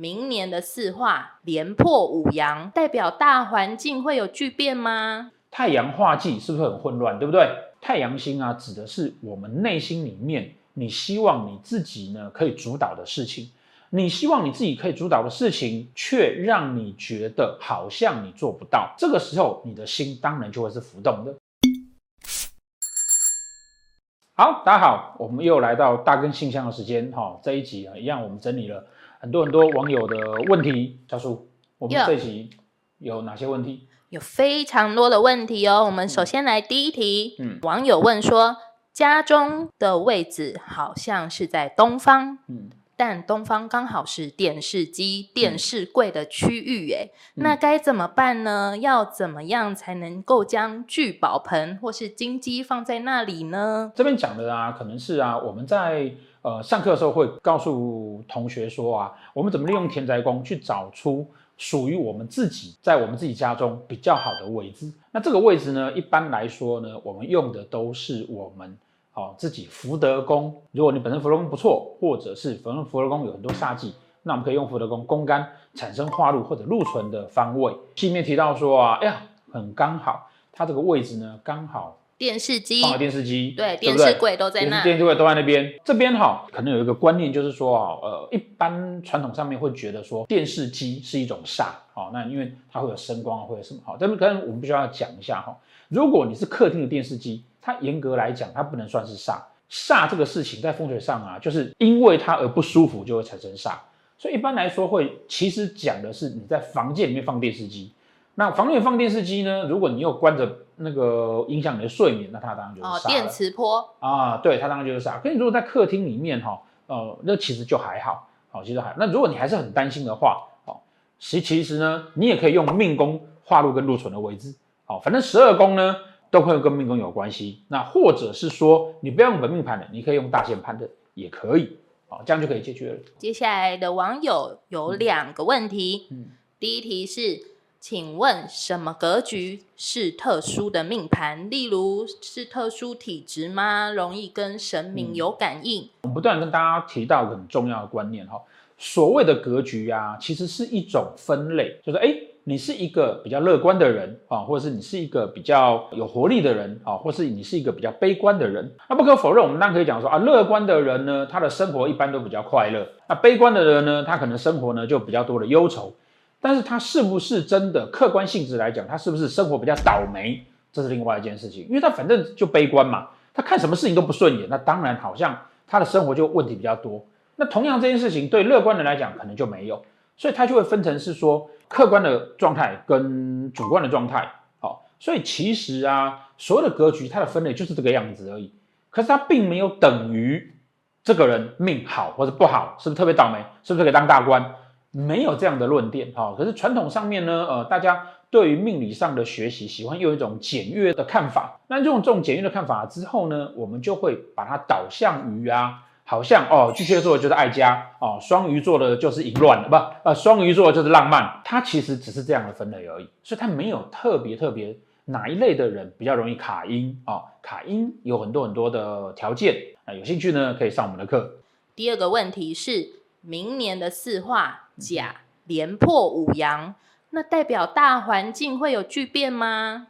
明年的四化連破五陽，代表大環境會有巨變嗎？太陽化忌是不是很混亂，對不對？太陽星啊，指的是我們內心裡面，你希望你自己呢可以主導的事情，你希望你自己可以主導的事情，卻讓你覺得好像你做不到，這個時候你的心當然就會是浮動的。好，大家好，我們又來到大耕信箱的時間，哈，這一集啊一樣我們整理了。很多很多網友的問題，教授，我們這期有哪些問題？有非常多的問題哦。我們首先來第一題。嗯，嗯網友問說，家中的位置好像是在東方，嗯，但東方剛好是電視機、電視櫃的區域，哎、嗯，那該怎麼辦呢？要怎麼樣才能夠將聚寶盆或是金雞放在那裡呢？這邊講的啊，可能是啊，我們在。呃，上課的時候會告訴同學說啊，我們怎麼利用田宅宮去找出屬於我們自己在我們自己家中比較好的位置。那這個位置呢，一般來說呢，我們用的都是我們哦自己福德宮。如果你本身福德宮不錯，或者是逢福德宮有很多煞忌，那我們可以用福德宮宮干產生化祿或者祿存的方位。前面提到說啊，哎呀，很剛好，它這個位置呢剛好，電視機，放電視機對，對對電視櫃都在那，電視櫃都在那邊。這邊哈、哦，可能有一個觀念，就是說哈，呃，一般傳統上面會覺得說電視機是一種煞，好、哦，那因為它會有聲光啊，會有什麼好。但是剛才我們必須要講一下哈、哦，如果你是客廳的電視機，它嚴格來講，它不能算是煞。煞這個事情在風水上啊，就是因為它而不舒服，就會產生煞。所以一般來說會，其實講的是你在房間裡面放電視機，那房間裡面放電視機呢，如果你又關着。那個影響你的睡眠，那它當然就是啊電磁波啊，對它當然就是啥。跟你如果在客廳裡面哈，呃，那其實就還好，好，其實還好。那如果你還是很擔心的話，好，其其實呢，你也可以用命宮、化祿跟祿存的位置，好，反正十二宮呢都會跟命宮有關係。那或者是說，你不要用本命盤的，你可以用大限盤的，也可以，好，這樣就可以解決了。接下來的網友有兩個問題，嗯，嗯，第一題是。請問什麼格局是特殊的命盤？例如是特殊體質嗎？容易跟神明有感應？嗯，我們不斷跟大家提到很重要的觀念哈，哦，所謂的格局啊，其實是一種分類，就是誒你是一個比較樂觀的人啊，或者是你是一個比較有活力的人啊，或是你是一個比較悲觀的人。那不可否認，我們當然可以講說啊，樂觀的人呢，他的生活一般都比較快樂；那悲觀的人呢，他可能生活呢就比較多的憂愁。但是他是不是真的客觀性質來講，他是不是生活比較倒霉？這是另外一件事情，因為他反正就悲觀嘛，他看什麼事情都不順眼，那當然好像他的生活就問題比較多。那同樣這件事情對樂觀人來講可能就沒有，所以他就會分成是說客觀的狀態跟主觀的狀態。好，所以其實啊，所有的格局它的分類就是這個樣子而已。可是它並沒有等於這個人命好或者不好，是不是特別倒霉，是不是可以當大官？沒有這樣的論點哈、哦，可是傳統上面呢，呃，大家對於命理上的學習，喜歡用一種簡約的看法。那這種這種簡約的看法之後呢，我們就會把它導向於啊，好像哦，巨蟹座就是愛家哦，雙魚座的就是淫亂不啊、呃，雙魚座就是浪漫。它其實只是這樣的分類而已，所以它沒有特別特別哪一類的人比較容易卡陰哦，卡陰有很多很多的條件、呃。有興趣呢，可以上我們的課。第二個問題是明年的四化。甲廉破武陽，那代表大環境會有巨變嗎？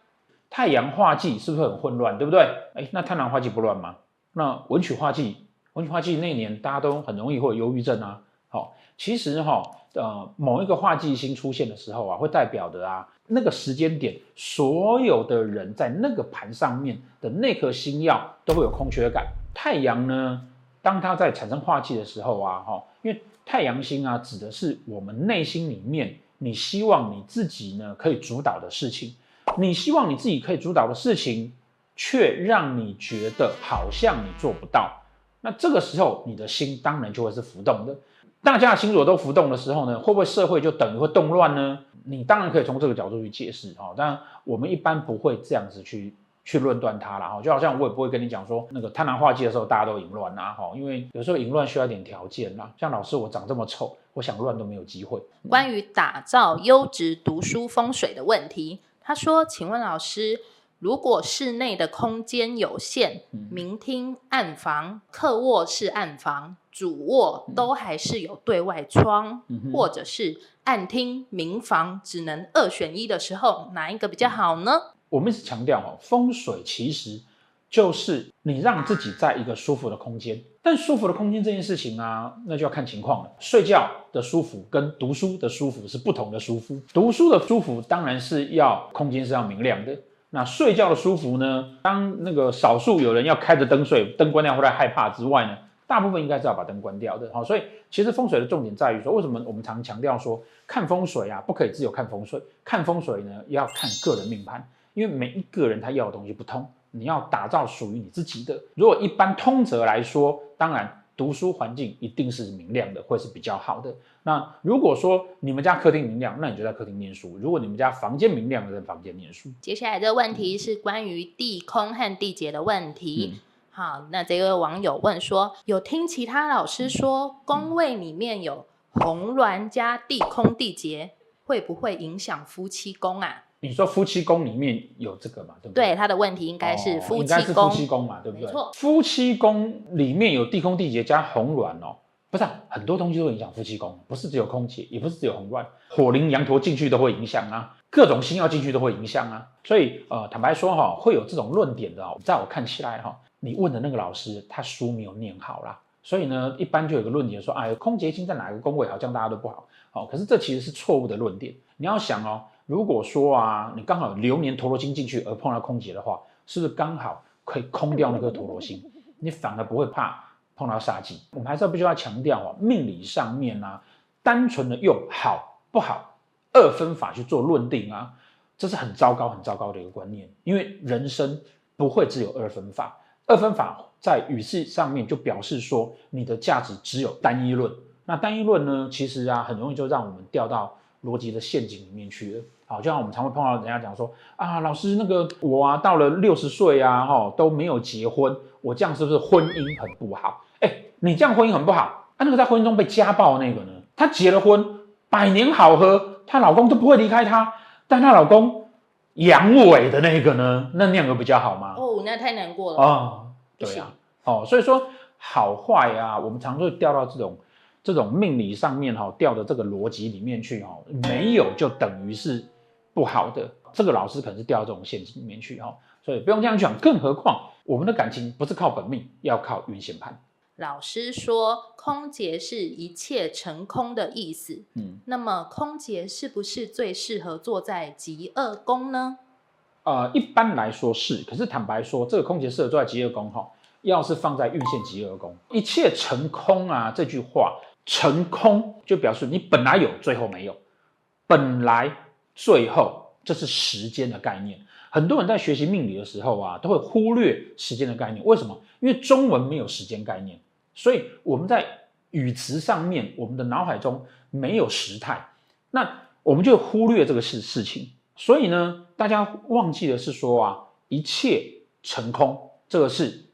太陽化忌是不是很混亂，對不對？哎、欸，那太陽化忌不亂嗎？那文曲化忌，文曲化忌那一年大家都很容易會有憂鬱症啊。好、哦，其實哈、哦，呃，某一個化忌星出現的時候啊，會代表的啊，那個時間點，所有的人在那個盤上面的那顆星曜都會有空缺感。太陽呢，當它在產生化忌的時候啊，哈、哦。因為太陽星啊，指的是我們內心裡面，你希望你自己呢可以主導的事情，你希望你自己可以主導的事情，卻讓你覺得好像你做不到。那這個時候，你的心當然就會是浮動的。大家的心若都浮動的時候呢，會不會社會就等於會動亂呢？你當然可以從這個角度去解釋啊，當然我們一般不會這樣子去。去論斷它了哈，就好像我也不會跟你講說那個貪狼化忌的時候，大家都淫亂啦，哈，因為有時候淫亂需要一點條件啦。像老師我長這麼醜，我想亂都沒有機會。嗯、關於打造優質讀書風水的問題，他說：“請問老師，如果室內的空間有限，嗯、明廳暗房、客臥是暗房、主臥都還是有對外窗，嗯、哼或者是暗廳明房只能二選一的時候，哪一個比較好呢？”我們一直強調風水其實就是你讓自己在一個舒服的空間。但舒服的空間這件事情啊，那就要看情況了。睡覺的舒服跟讀書的舒服是不同的舒服。讀書的舒服當然是要空間是要明亮的。那睡覺的舒服呢？當那個少數有人要開着燈睡，燈關掉或者害怕之外呢，大部分應該是要把燈關掉的。所以其實風水的重點在於說，為什麼我們常常強調說看風水啊，不可以只有看風水？看風水呢，要看個人命盤。因為每一個人他要的東西不同，你要打造屬於你自己的。如果一般通則來說，當然讀書環境一定是明亮的，或是比較好的。那如果說你們家客廳明亮，那你就在客廳念書；如果你們家房間明亮，就在房間念書。接下來這個問題是關於地空和地劫的問題。嗯、好，那這位網友問說，有聽其他老師說，宮位裡面有紅鸞加地空地劫，會不會影響夫妻宮啊？你說夫妻宮裡面有這個嘛？對不對？對，他的問題應該是夫妻宮，哦，應該是夫妻宮嘛？對不對？錯夫妻宮裡面有地空地劫加紅鸞哦，不是、啊、很多東西都影響夫妻宮，不是只有空劫，也不是只有紅鸞，火鈴羊陀進去都會影響啊，各種星曜進去都會影響啊。所以呃，坦白說哈、哦，會有這種論點的、哦，在我看起來哈、哦，你問的那個老師他書沒有念好啦。所以呢，一般就有個論點說，哎、空劫星在哪個宮位好像大家都不好，好、哦，可是這其實是錯誤的論點。你要想哦。如果說啊，你剛好流年陀羅星進去而，碰到空劫的話，是不是剛好可以空掉那顆陀羅星？你反而不會怕碰到煞忌。我們還是要必須要強調啊，命理上面啊，單純的用好不好二分法去做論定啊，這是很糟糕很糟糕的一個觀念。因為人生不會只有二分法，二分法在語氣上面就表示說你的價值只有單一論。那單一論呢，其實啊，很容易就讓我們掉到。邏輯的陷阱裡面去了。好，就像我們常常碰到人家講說啊，老師那個我啊，到了六十歲啊，哈都沒有結婚，我這樣是不是婚姻很不好？哎，你這樣婚姻很不好。啊，那個在婚姻中被家暴的那個呢？她結了婚，百年好合，她老公都不會離開她，但她老公陽痿的那個呢？那兩個比較好嗎？哦，那太難過了啊、哦。對啊，不行 哦，所以說好壞啊，我們常常會掉到這種。這種命理上面哈掉到這個邏輯裡面去哈，沒有就等於是不好的。這個老師可能是掉到這種陷阱裡面去哈，所以不用這樣講。更何況我們的感情不是靠本命，要靠運限盤。老師說空劫是一切成空的意思，嗯，那麼空劫是不是最適合坐在疾厄宮呢？呃，一般來說是，可是坦白說，這個空劫適合坐在疾厄宮哈，要是放在運限疾厄宮，一切成空啊這句話。成空就表示你本來有，最後沒有。本來最後，這是時間的概念。很多人在學習命理的時候啊，都會忽略時間的概念。為什麼？因為中文沒有時間概念，所以我們在語詞上面，我們的腦海中沒有時態，那我們就忽略這個事事情。所以呢，大家忘記的是說啊，一切成空，這個是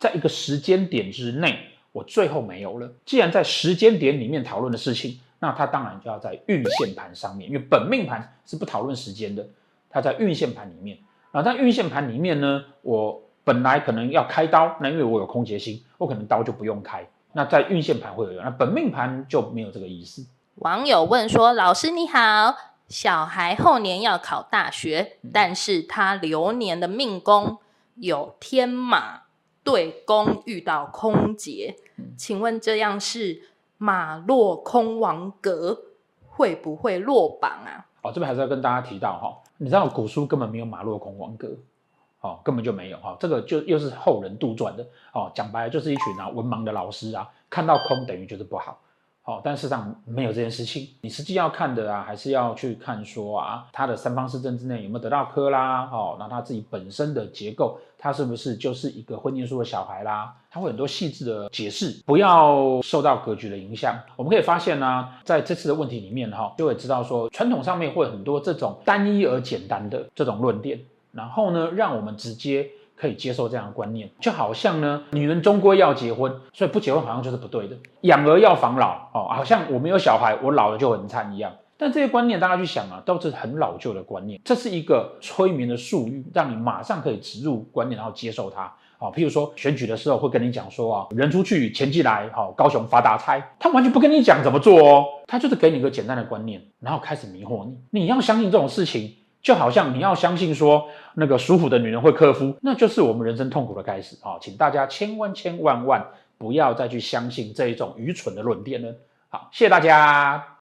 在一個時間點之內。我最後沒有了。既然在時間點裡面討論的事情，那它當然就要在運限盤上面，因為本命盤是不討論時間的。它在運限盤裡面啊，那在運限盤裡面呢，我本來可能要開刀，那因為我有空劫星，我可能刀就不用開。那在運限盤會有用，那本命盤就沒有這個意思。網友問說：“老師你好，小孩後年要考大學，但是他流年的命宮有天馬。”對宮遇到空劫，請問這樣是馬落空王格會不會落榜啊？哦，這邊還是要跟大家提到哈、哦，你知道古書根本沒有馬落空王格，哦，根本就沒有哈、哦，這個就又是後人杜撰的哦。講白了就是一群啊文盲的老師啊，看到空等於就是不好。哦，但事實上沒有這件事情。你實際要看的啊，還是要去看說啊，他的三方四正之內有沒有得到科啦？哦，那他自己本身的結構，他是不是就是一個婚姻書的小孩啦？他會很多細緻的解釋，不要受到格局的影響。我們可以發現呢、啊，在這次的問題裡面哈，就會知道說，傳統上面會有很多這種單一而簡單的這種論點，然後呢，讓我們直接。可以接受這樣的觀念，就好像呢，女人終歸要結婚，所以不結婚好像就是不對的。養兒要防老哦，好像我沒有小孩，我老了就很慘一樣。但這些觀念，大家去想啊，都是很老舊的觀念。這是一個催眠的術語，讓你馬上可以植入觀念，然後接受它啊。哦，譬如說選舉的時候，會跟你講說啊，人出去錢進來，高雄發大財。他完全不跟你講怎麼做哦，他就是給你一個簡單的觀念，然後開始迷惑你，你要相信這種事情。就好像你要相信說那個屬虎的女人會克夫，那就是我們人生痛苦的開始啊！請大家千萬千萬萬不要再去相信這一種愚蠢的論點呢，好，謝謝大家。